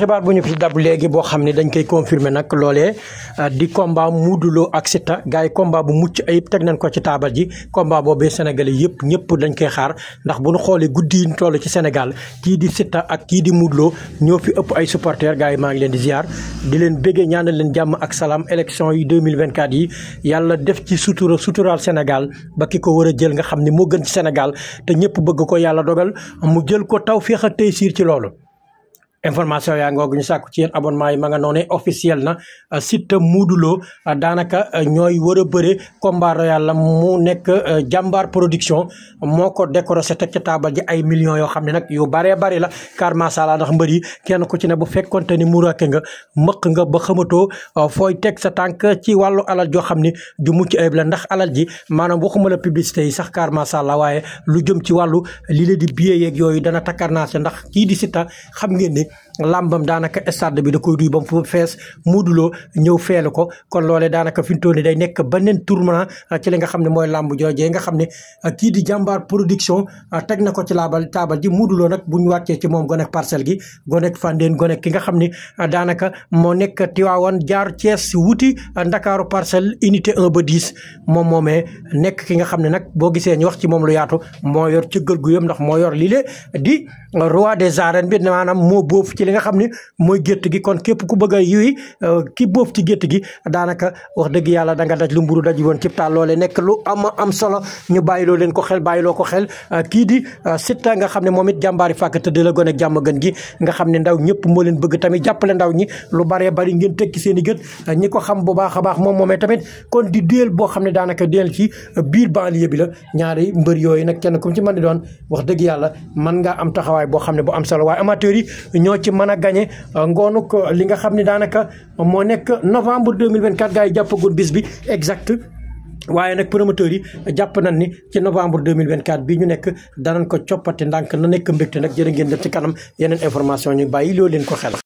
xibaar bu ñu fi dab léegi boo xam ne dañ koy confirmer nag loolee euh, di combat Modou Lo ak Siteu gars yi combat bu mucc ay teg nañ ko ci taabal ji combat boobee sénégalais yëpp ñëpp dañ koy xaar ndax bu nu xoolee guddi yi ñu ci Sénégal kii di Siteu ak kii di Modou ñoo fi ëpp ay supporters gars yi maa ngi leen di ziar di leen béggee ñaanal leen jàmm ak salaam élection yi 2024 yi yàlla def ci sutura suturaal Sénégal ba ki ko war a jël nga xam ni moo gën ci Sénégal te ñëpp bëgg ko yàlla dogal mu jël ko tawféex ak tey siir ci loolu information yaa ngoog ñu sàkku ci yéen abonnement yi ma nga noonee officiel na euh, Siteu Modou Lo euh, daanaka euh, ñooy war a bëre combat royal la mu nekk jàmbaar production moo ko décorosé teg ca taabal ji ay million yoo xam ne nag yu baree bari la car masala ndax mbër yi kenn ku ci ne bu fekkonte ni murake nga mëq nga ba xamatoo fooy teg sa tànk ci wàllu alal joo xam ne ju mucc ayib la ndax alal ji maanaam waxuma la publicité yi sax car masala waaye lu jëm ci wàllu li la di yeeg yooyu dana takkarnaase ndax kii di Siteu xam ngeen làmbam daanaka stade bi da koy duy ba mu fees Modou Lo ñëw feelu ko kon loolee daanaka fi mu toll nii day nekk beneen tournant ah, ci li nga xam ne mooy làmb joojee nga xam ne ah, kii di jàmbaar production ah, teg na ko ci laabal taabal ji Modou Lo nag bu ñu wàccee ci moom gonek parcelle gi gonek Fandène gonek ki nga xam ne daanaka moo nekk Tiwaawan jaar Thiès wuti Ndakaaru parcelle unité 1 ba diis moom moomee nekk ki nga xam ne nag boo gisee ñu wax ci moom lu yaatu moo yor cëggal gu yëm ndax moo yor lii bóof ci nga xam ne mooy gétt gi kon képp ku bëgg a yuy euh, ki bóof ci gétt gi daanaka wax dëgg yàlla da nga daj lu mburu daj woon ci taal loole nekk lu am am solo ñu bàyyiloo leen ko xel bàyyiloo ko xel euh, kii di euh, Siteu nga xam ne moom it jàmbaari fàkk te di la gone ak jàmm gën gi nga xam ne ndaw ñëpp moo leen bëgg tamit jàppale ndaw ñi lu baree bari ngeen tekki seen gët ñi ko xam bu baax a baax moom moomee tamit kon di déel boo xam ne daanaka déel ci biir banlieue bi la ñaari mbër yooyu nag kenn ku ci mën di wax dëgg yàlla mën ngaa taxawaay boo xam ñoo ci mën a gañe euh, ngoonuk euh, li nga xam ne daanaka moo nekk novembre 2024 gars yi jàppagul bis bi exact waaye nag promoteurs yi jàpp nañ ni ci novembre 2024 bii ñu nekk danañ ko coppati ndànk na nekk mbégte nag jërë ngeen def ci kanam yeneen information ñu bàyyi loo leen ko xel